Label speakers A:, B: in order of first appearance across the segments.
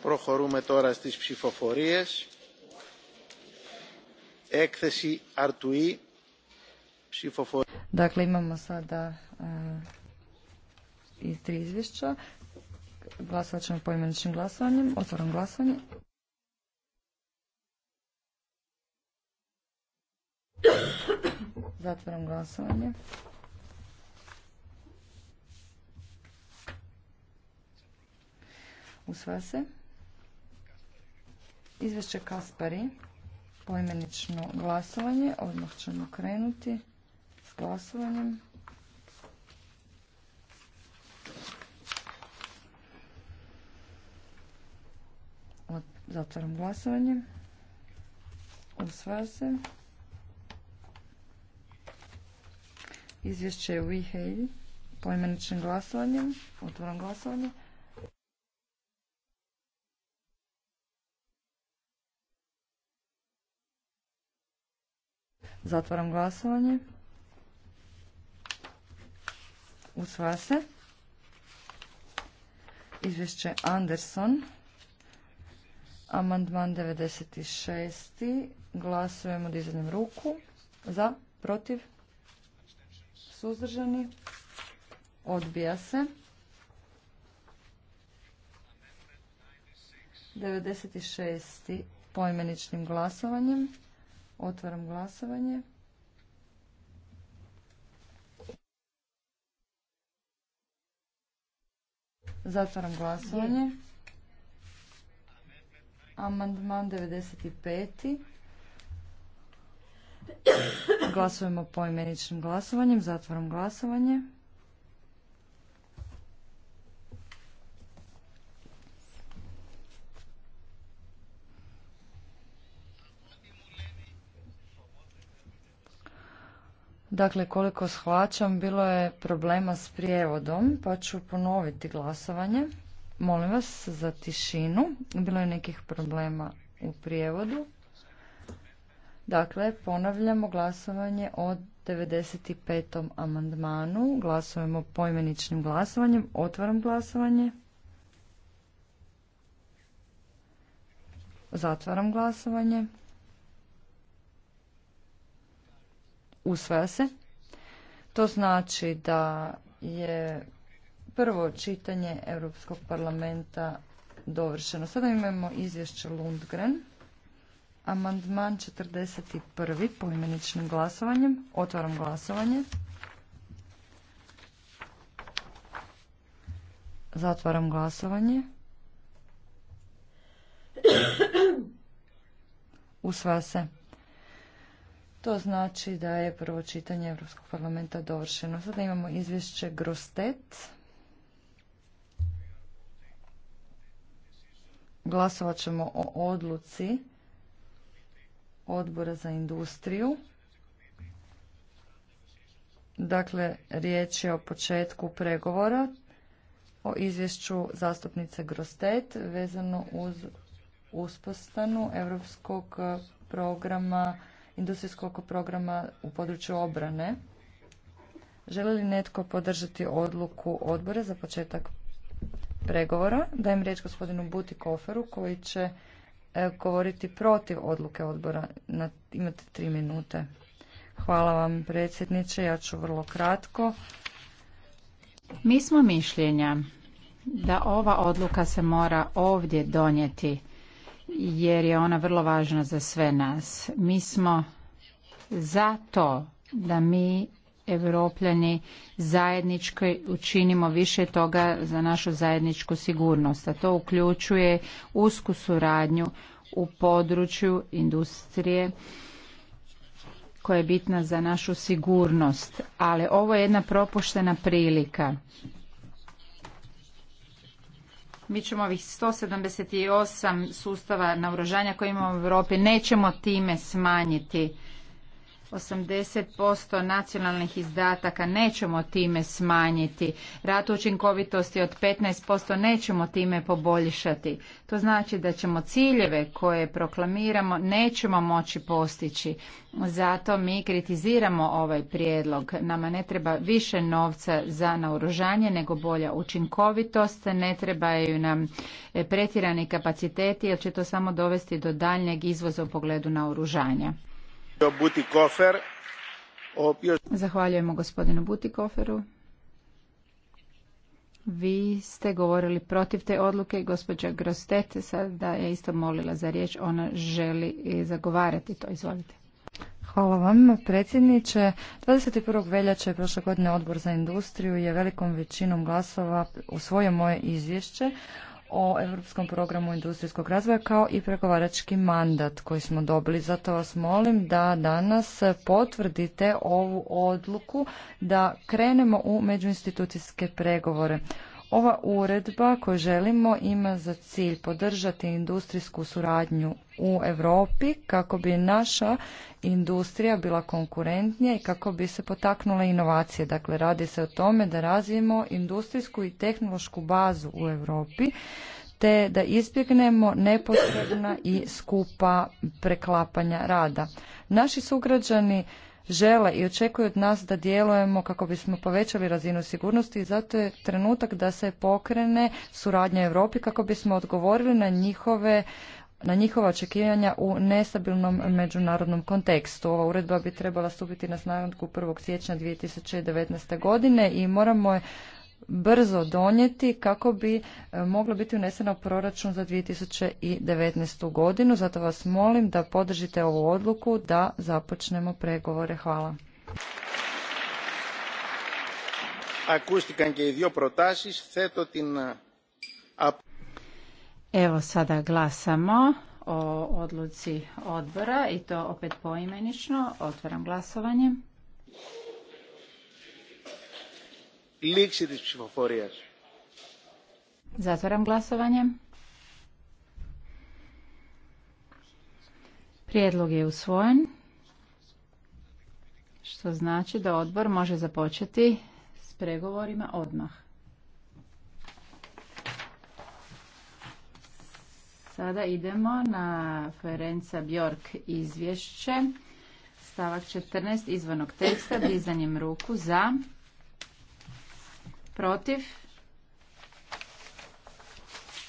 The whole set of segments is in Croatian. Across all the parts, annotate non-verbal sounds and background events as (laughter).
A: Προχωρούμε τώρα στις ψηφοφορίες. Έκθεση Αρτουή. Dakle, imamo sada e, i tri izvješća. Glasovat ćemo poimeničnim glasovanjem. Otvoram glasovanje. Zatvaram glasovanje. Usvaja se. Izvješće Kaspari, poimenično glasovanje, odmah ćemo krenuti s glasovanjem. Zatvaram glasovanje. Usvaja se. Izvješće je u e-hail. Poimeničnim glasovanjem. Otvaram glasovanje. Zatvaram glasovanje. Usvaja se. Izvješće Anderson. Amandman 96. Glasujemo dizanjem ruku. Za, protiv, suzdržani. Odbija se. 96. poimeničnim glasovanjem. Otvaram glasovanje. Zatvaram glasovanje. Amandman 95. Glasujemo poimeničnim glasovanjem. Zatvaram glasovanje. Dakle, koliko shvaćam, bilo je problema s prijevodom, pa ću ponoviti glasovanje. Molim vas za tišinu. Bilo je nekih problema u prijevodu. Dakle, ponavljamo glasovanje o 95. amandmanu. Glasujemo poimeničnim glasovanjem. Otvaram glasovanje. Zatvaram glasovanje. usvaja se. To znači da je prvo čitanje Europskog parlamenta dovršeno. Sada imamo izvješće Lundgren. Amandman 41. poimeničnim glasovanjem. Otvaram glasovanje. Zatvaram glasovanje. (coughs) Usvaja se. To znači da je prvo čitanje Europskog parlamenta dovršeno. Sada imamo izvješće Grostet. Glasovat ćemo o odluci odbora za industriju. Dakle, riječ je o početku pregovora o izvješću zastupnice Grostet vezano uz uspostanu Europskog programa industrijskog programa u području obrane. Želi li netko podržati odluku odbora za početak pregovora? Dajem riječ gospodinu Butikoferu koji će e, govoriti protiv odluke odbora. Imate tri minute. Hvala vam predsjedniče, ja ću vrlo kratko. Mi smo mišljenja
B: da ova odluka se mora ovdje donijeti jer je ona vrlo važna za sve nas. Mi smo za to da mi Evropljani zajednički učinimo više toga za našu zajedničku sigurnost, a to uključuje usku suradnju u području industrije koja je bitna za našu sigurnost, ali ovo je jedna propuštena prilika mi ćemo ovih 178 sustava naoružanja koje imamo u Europi nećemo time smanjiti. 80% nacionalnih izdataka nećemo time smanjiti. Rat učinkovitosti od 15% nećemo time poboljšati. To znači da ćemo ciljeve koje proklamiramo nećemo moći postići. Zato mi kritiziramo ovaj prijedlog. Nama ne treba više novca za naoružanje nego bolja učinkovitost. Ne trebaju nam e, pretjerani kapaciteti jer će to samo dovesti do daljnjeg izvoza u pogledu naoružanja. Zahvaljujemo gospodinu Butikoferu. Vi ste govorili protiv te odluke i gospođa Grostete sada je isto molila za riječ. Ona
A: želi zagovarati to. Izvolite. Hvala vam, predsjedniče. 21. veljače prošle godine Odbor za industriju je velikom većinom glasova usvojio moje izvješće o Europskom programu industrijskog razvoja kao i pregovarački mandat koji smo dobili. Zato vas molim da danas potvrdite ovu odluku da krenemo u međuinstitucijske pregovore. Ova uredba koju želimo ima za cilj podržati industrijsku suradnju u Europi kako bi naša industrija bila konkurentnija i kako bi se potaknule inovacije. Dakle, radi se o tome da razvijemo industrijsku i tehnološku bazu u Europi te da izbjegnemo nepotrebna i skupa preklapanja rada. Naši sugrađani žele i očekuju od nas da djelujemo kako bismo povećali razinu sigurnosti i zato je trenutak da se pokrene suradnja Europi kako bismo odgovorili na njihove na njihova očekivanja u nestabilnom međunarodnom kontekstu. Ova uredba bi trebala stupiti na snagu 1. siječnja 2019. godine i moramo je brzo donijeti kako bi e, moglo biti uneseno proračun za 2019. godinu. Zato vas molim da podržite ovu odluku da započnemo pregovore. Hvala.
B: Evo sada glasamo o odluci odbora i to opet poimenično. Otvaram glasovanje.
A: Λήξη της ψηφοφορίας.
B: Zatvaram glasovanje. Prijedlog je usvojen, što znači da odbor može započeti s pregovorima odmah. Sada idemo na Ferenca Bjork izvješće, stavak 14 izvornog teksta, dizanjem ruku za protiv,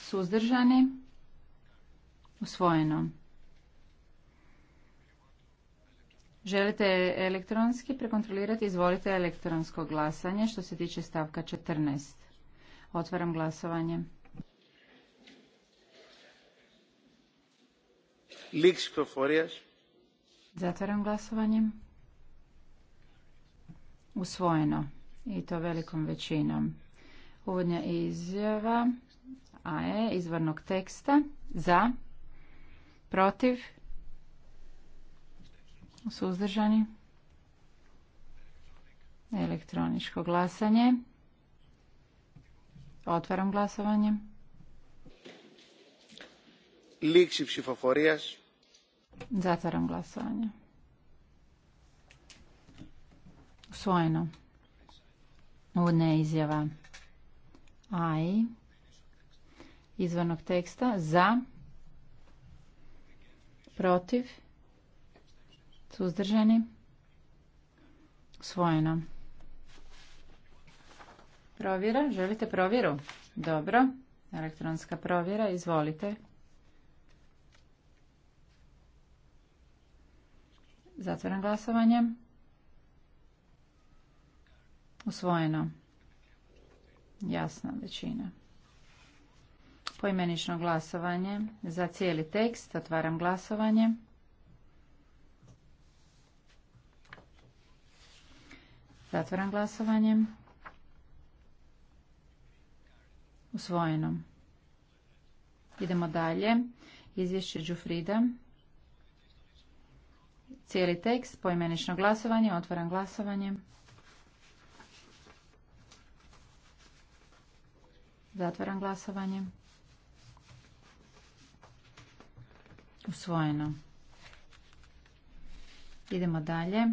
B: suzdržani, usvojeno. Želite elektronski prekontrolirati? Izvolite elektronsko glasanje što se tiče stavka 14. Otvaram glasovanje. Zatvaram glasovanje. Usvojeno i to velikom većinom. Uvodnja izjava je izvornog teksta za, protiv, suzdržani, elektroničko glasanje. Otvaram glasovanje. Zatvaram glasovanje. Usvojeno. Uvodna izjava i izvornog teksta za, protiv, suzdržani, svojeno. Provjera, želite provjeru? Dobro, elektronska provjera, izvolite. Zatvoram glasovanje. Usvojeno. Jasna većina. Poimenično glasovanje za cijeli tekst. Otvaram glasovanje. Zatvaram glasovanje. Usvojeno. Idemo dalje. Izvješće Đufrida. Cijeli tekst, poimenično glasovanje, otvaram glasovanje. Zatvaram glasovanje. Usvojeno. Idemo dalje.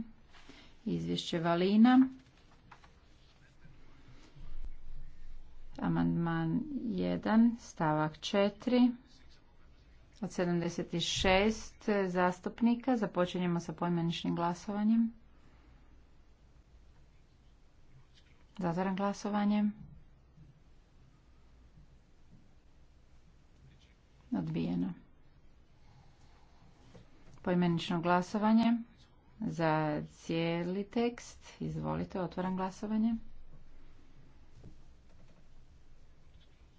B: Izvješće Valina. Amandman 1, stavak 4. Od 76 zastupnika započinjemo sa pojmeničnim glasovanjem. Zatvaram glasovanje. Odbijeno. Poimenično glasovanje za cijeli tekst. Izvolite, otvaram glasovanje.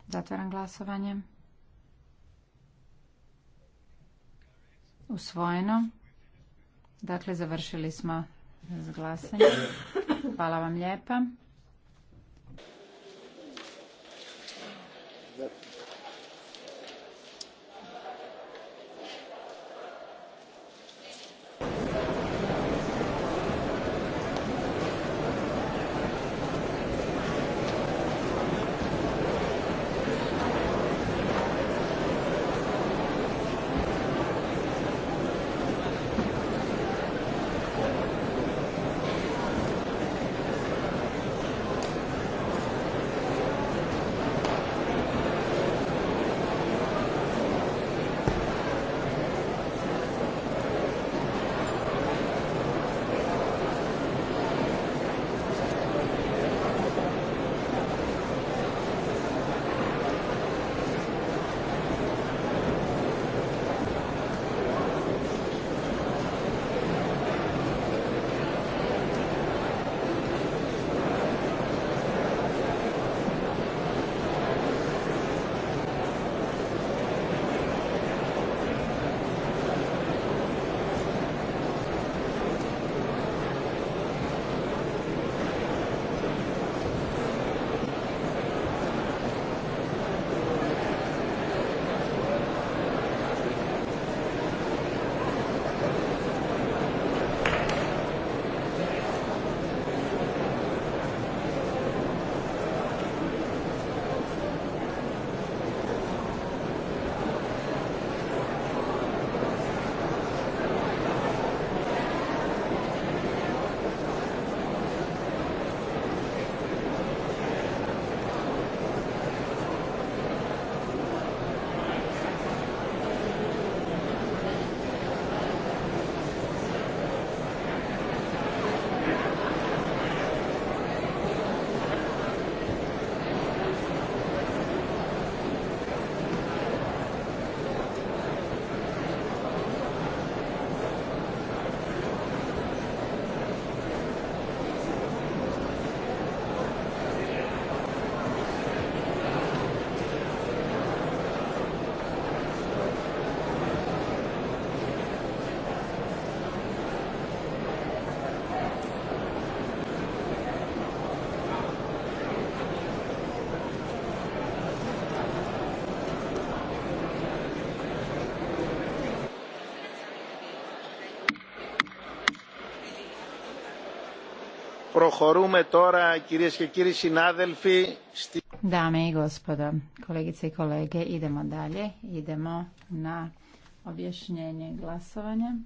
B: Zatvaram glasovanje. Usvojeno. Dakle, završili smo s glasanjem. Hvala vam lijepa. Dame i gospodo, kolegice i kolege, idemo dalje. Idemo na objašnjenje glasovanja.